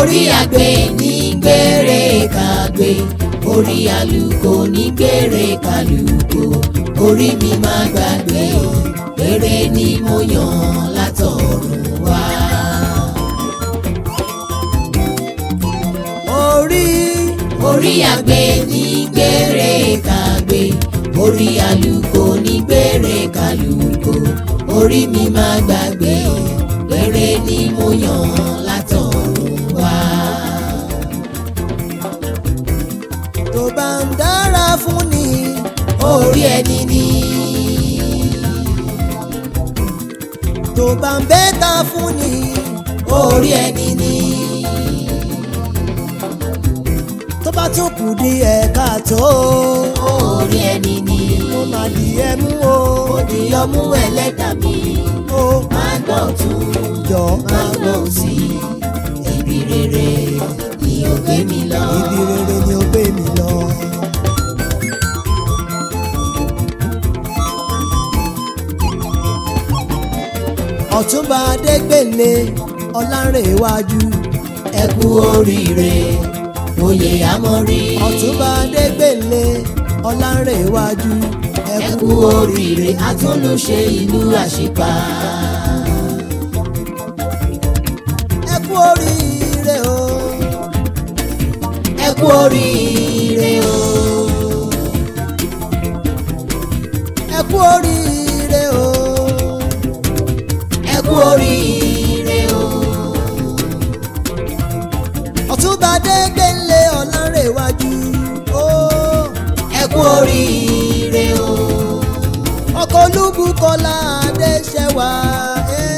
orí àgbẹ̀ ní gbére kàgbé orí àlùkò ní gbére kàlùkò orí mi má gbàgbé gbére ni mo yàn látọ̀run wá. orí orí àgbẹ̀ ní gbére kàgbé orí àlùkò ní gbére kàlùkò orí mi má gbàgbé gbére ni mo yàn látọ̀run orí ẹni ni. tó bá ń bẹ́ta fún ni orí ẹni ni. tó bá tún kù di ẹ̀ka tó orí ẹni ni. ó máa di ẹmú o. ó di ọmú ẹlẹ́dàá mi. ó máa gbọ́ tún. jọ máa gbọ́ sí ibi rere ni ó gbé mi lọ. ibi rere ni ó gbé mi. ọ̀túnba adégbèlè ọlárẹ̀wájú. ẹ kú oríire oyè àmọ́rí. ọ̀túnba adégbèlè ọlárẹ̀wájú. ẹ kú oríire atúnlùṣe ìlú àṣìpà. ẹ kú oríire o. ẹ kú oríire o. ẹ kú oríire. oríire o ọkọ Olúbùkọ́lá Adéṣẹwà ẹ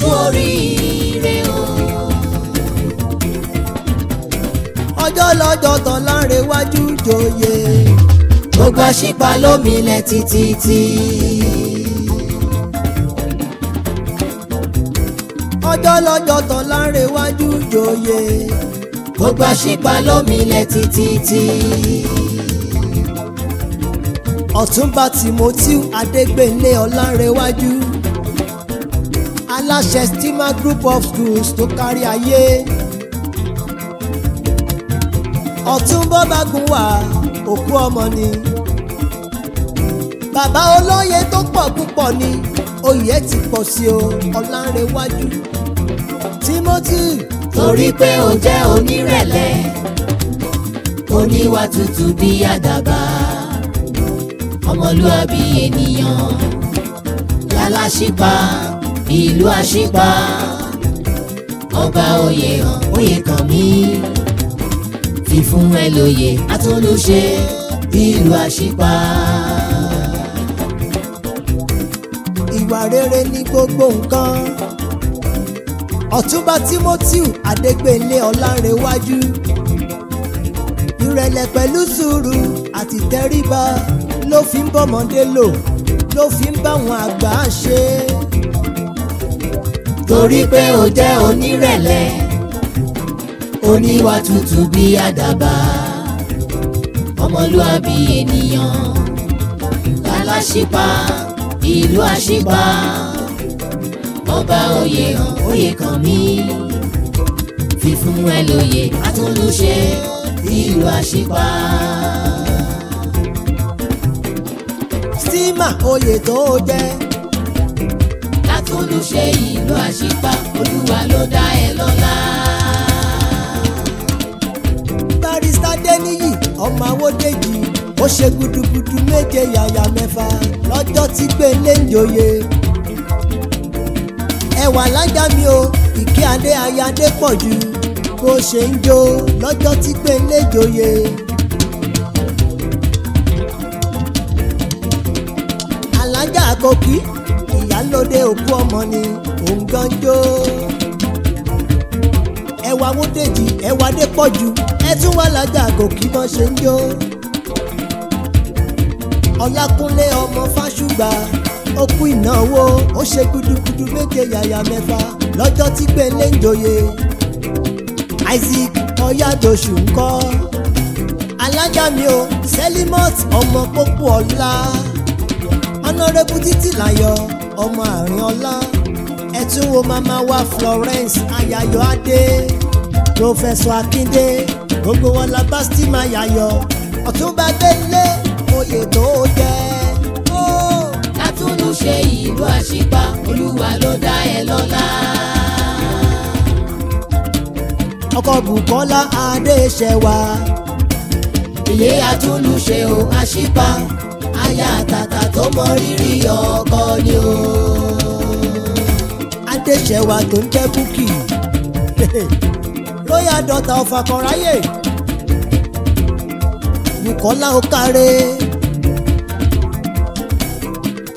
kú oríire o ọjọ́ lọ́jọ́ tán láre wájú jòyè gbogbo àṣìpa lómi ilẹ̀ títí tí. ọjọ́ lọ́jọ́ tán láre wájú jòyè gbogbo àṣìpa lómi ilẹ̀ títí tí ọ̀túnba timothy adégbèlé ọlárẹ̀wájú aláṣẹ stima group of schools tó kárí ayé ọ̀túnbọ̀ bágun wà òkú ọmọ ni bàbá olóye tó pọ̀ púpọ̀ ni oyè ti pọ̀ sí o ọlárẹ̀wájú timothy. torí pé o jẹ́ onírẹ̀lẹ̀ oníwà tútù bíi àdàbà ọmọlúàbí ènìyàn lálàṣípa ìlú àṣípa ọba oyè hàn oyè kàn mí fífún ẹ lóye atúnlùṣe ìlú àṣípa. ìwà rere ni gbogbo nǹkan ọ̀túnba timothy adégbèlé ọlárẹ̀wájú ìrẹ̀lẹ̀ pẹ̀lú sùúrù àti tẹríba ló fi ń bọ́mọdé lò ló fi ń báwọn àgbà ṣe. torí pé o jẹ́ onírẹ̀lẹ̀ oníwà tútù bí àdàbà ọmọlúàbí ènìyàn lálàṣípa ìlú àṣípa ọba oyè hàn oyè kàn mí fífún ẹ àtúnlùṣe ìlú àṣípa. Fatima oyè tó jẹ. látúndúṣe ìlú àṣìpá olúwa ló dá ẹ lọ́lá. barista Deniyi ọmọ Awódèjì ó ṣe gudugudu méje yàyà mẹ́fà lọ́jọ́ tí gbélé ń joyè. ẹwà lájà mi o ìkí adé ayadé pọ̀ jù bó ṣe ń jó lọ́jọ́ tí gbélé joyè. àkọ́kí ìyálóde òkú ọmọ ni òun gánjó. ẹwà wódèjì ẹwà dé pọ̀ jù ẹ tún wà lájà àkọ́kí bọ́n ṣe ń jó. ọlákúnlé ọmọ fáṣùgbà ó kú ìnáwó ó ṣe gudugudu méje yàyà mẹ́fà lọ́jọ́ tí gbélé ń joyè Isaac ọ̀yàdọ̀ṣù ń kọ́ alájà mi ò Selimot ọmọ pópó ọ̀la ọ̀nàrẹ́bù títí láyọ̀ ọmọ àárín ọlá ẹ tún wo màmá wa Florence ayayọ̀ adé Professor akinde, gbogbo wọn la bá steam ayayọ̀ ọ̀túnba délé oyè tó jẹ́. látúnú ṣe ìlú àṣìpá olúwa ló dá ẹ lọ́lá. ọkọ Bùkọ́lá Adéṣẹwà. ìyé àtúnú ṣe o àṣìpá aya àtàtà tó mọ rírì ọkọ ni o. adéṣẹ́wà tó ń jẹ́ búkì royal daughter of akọ̀ráyè bukola okare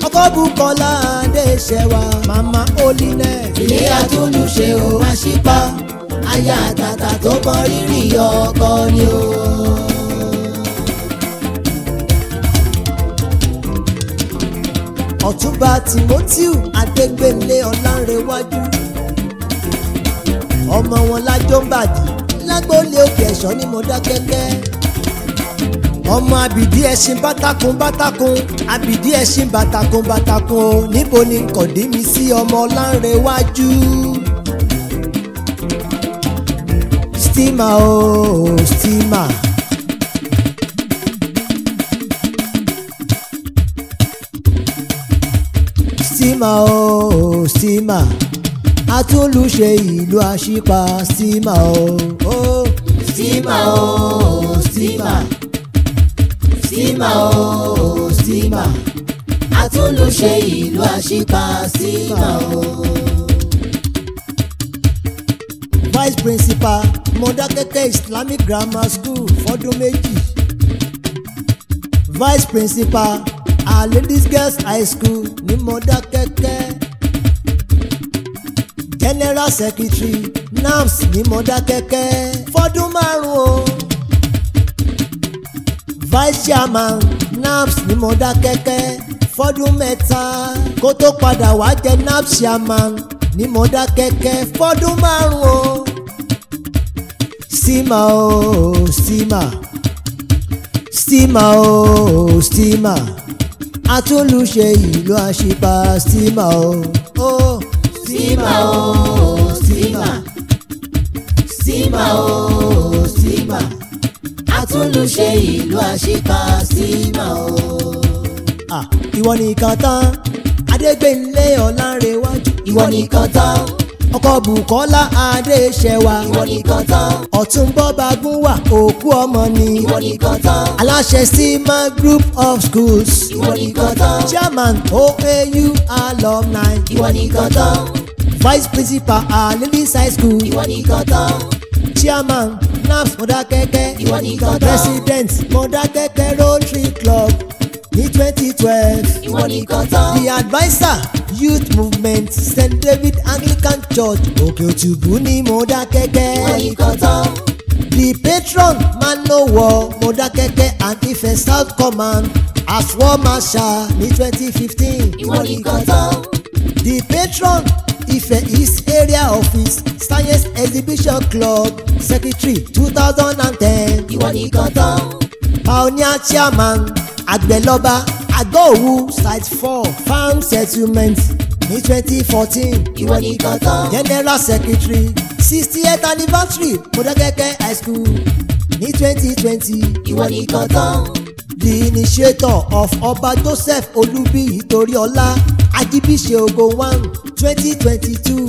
ọkọ bukola adéṣẹ́wà mama holiness. ilé atúnlùṣe o máa ṣípa aya àtàtà tó mọ rírì ọkọ ni o. ọ̀túnba timothy adégbèlé ọlánrewájú ọmọ wọn lájọ ń bàdí lágbóòlé òkè ẹ̀ṣọ́ ní mọ́dákẹ́kẹ́ ọmọ abìdí ẹṣin bátakùn bátakùn abìdí ẹṣin bátakùn bátakùn níbo ni nkọ̀dí sí ọmọ ọlánrewájú. stima ooo oh, stima. sima o oh, sima atúnlùṣe ìlú àṣìpa sima o oh, o oh. sima o sima sima o sima atúnlùṣe ìlú àṣìpa sima o. vice principal Mọdákẹ́kẹ́ Islamic Grammar School fọ́dún méjì vice principal our ladies girls high school ni mo ní Mọdákẹ́kẹ́ general secretary NAMS ní Mọdákẹ́kẹ́ fọ́dún márùn-ún o vice chairman NAMS ní Mọdákẹ́kẹ́ fọ́dún mẹ́ta kó tó padà wá jẹ NAMS chairman ní Mọdákẹ́kẹ́ fọ́dún márùn-ún o sima o sima sima o sima atúnlùṣe ìlú àṣìpa stima o. ó stima o stima stima o stima atúnlùṣe ìlú àṣìpa stima o. Ah, ìwọ nìkan tán adégbèlé ọ̀làǹrẹ̀wájú. ìwọ nìkan tán ọkọ Bùkọ́lá Adéṣẹwà ìwọ nìkan tán Ọ̀túnbọ̀ Bagúnwà òkú ọmọ ni ìwọ nìkan tán aláṣẹ sima group of schools ìwọ nìkan tán chairman OAU alumni ìwọ nìkan tán vice principal alilis high school ìwọ nìkan tán chairman NAF Mọ́dákẹ́kẹ́ ìwọ nìkan tán president Mọ́dákẹ́kẹ́ Rotary Club ní twenty twelve. ìwọ nìkan tán. the adviser youth movement st david anglican church òkè òtùbù ní mòdákẹ́kẹ́. ìwọ nìkan tán. the patron manowar mòdákẹ́kẹ́ antife south command as war marshal ní twenty fifteen. ìwọ nìkan tán. the patron Ife East Area Office Science Exhibition Club Secretary two thousand and ten. Ìwọ nìkan tán pioneer chairman àgbẹ̀lọ́ba àgọ́òwú site four farm settlement ní twenty fourteen ìwọ ní kankan general secretary sixtieth anniversary mọ̀dákẹ́kẹ́ high school ní twenty twenty ìwọ ní kankan the initiator of ọba joseph olúbíyì toríọlá ajibise ogo one twenty twenty two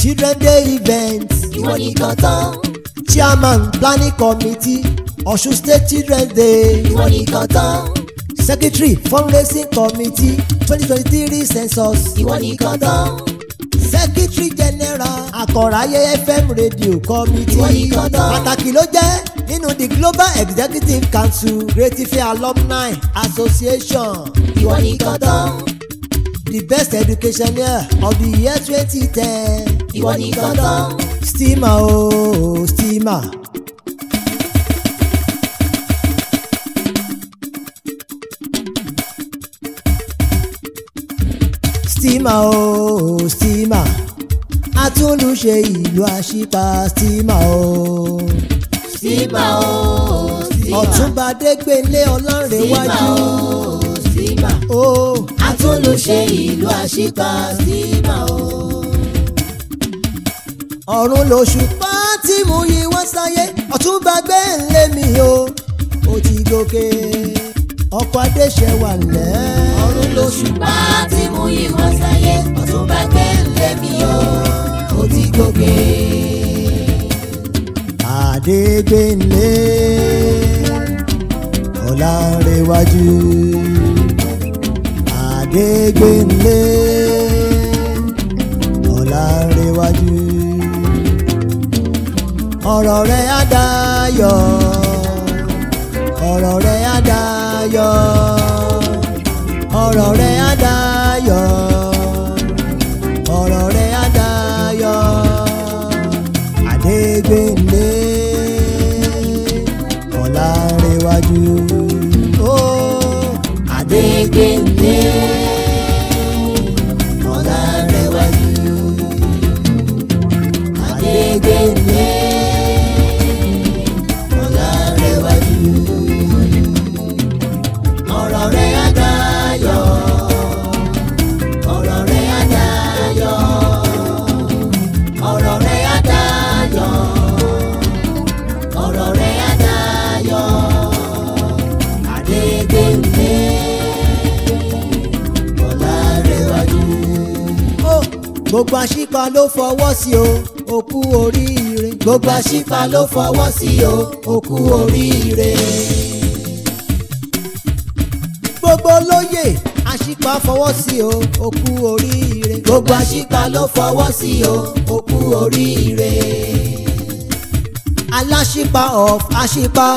children day event ìwọ ní kankan chairman planning committee Ọ̀ṣun State children Day. ìwọ nìkan tán. secretary fundraising committee twenty twenty three census. ìwọ nìkan tán. secretary general akọ̀ráyé FM radio committee. ìwọ nìkan tán. pàtàkì ló jẹ́ nínú the global executive council creative alumni association. ìwọ nìkan tán. the best Education Year of the year twenty ten. ìwọ nìkan tán. steamer ooo oh, steamer stima o stima atúnlùṣe ìlú àṣìpa stima o. stima o stima ọ̀túnba adégbélé ọlọ́rẹ̀wájú. stima o stima atúnlùṣe ìlú àṣìpa stima o. ọ̀run lóṣù pa tí mo yí wá sáyé ọ̀túnba gbẹ́ǹlé mi o ó ti gòkè ọkọ̀ adéṣẹ́wà lẹ́. ọ̀run lóṣùpá tí mú ìwọ̀n sáyé ọ̀túnba kẹ́lẹ́ mi o ó ti gòkè. àdégbélé ọ̀làǹrẹ̀wájú àdégbélé ọ̀làǹrẹ̀wájú ọ̀rọ̀ rẹ̀ á dayọ̀ ọ̀rọ̀ rẹ̀ á ọ̀rọ̀ rẹ̀ á dayọ̀ ọ̀rọ̀ rẹ̀ á dayọ̀ Adégbénga. àṣìpa ló fọwọ́ sí o òkú oríire. gbogbo àṣìpa ló fọwọ́ sí o òkú oríire. gbogbo olóyè àṣìpa fọwọ́ sí o òkú oríire. gbogbo àṣìpa ló fọwọ́ sí o òkú oríire. aláṣìpa of àṣìpa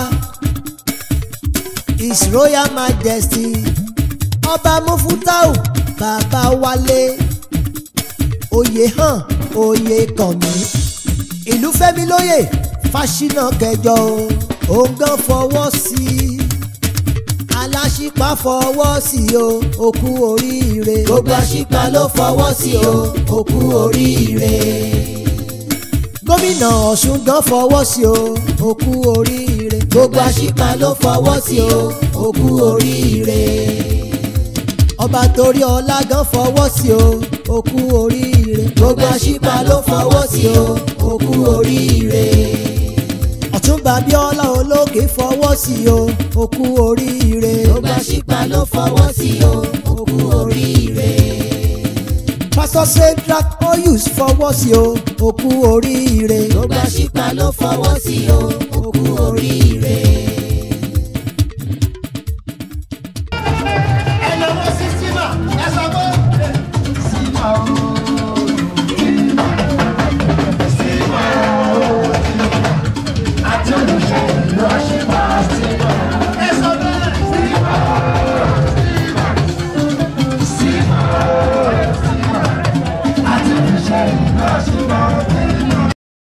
is royal majesty ọba mufutau bàbá wálé oyè hàn oyè kànmí ìlú fẹ́mi lóyè fásinà kẹjọ o òun gan fọwọ́ sí i aláṣípa fọwọ́ sí o òkú oríire gbogbo àṣípa ló fọwọ́ sí o òkú oríire gómìnà ọ̀ṣun gan fọwọ́ sí o òkú oríire gbogbo àṣípa ló fọwọ́ sí o òkú oríire ọba torí ọlá gan fọwọ́ sí o òkú oríire gbogbo àṣìpá ló fọwọ́ sí o ó kú oríire. ọ̀túnba Abíọ́lá olókè fọwọ́ sí o ó kú oríire. gbogbo àṣìpá ló fọwọ́ sí o ó kú oríire. pásítọ̀ Shadrach oyus fọwọ́ sí o ó kú oríire. gbogbo àṣìpá ló fọwọ́ sí o ó kú oríire.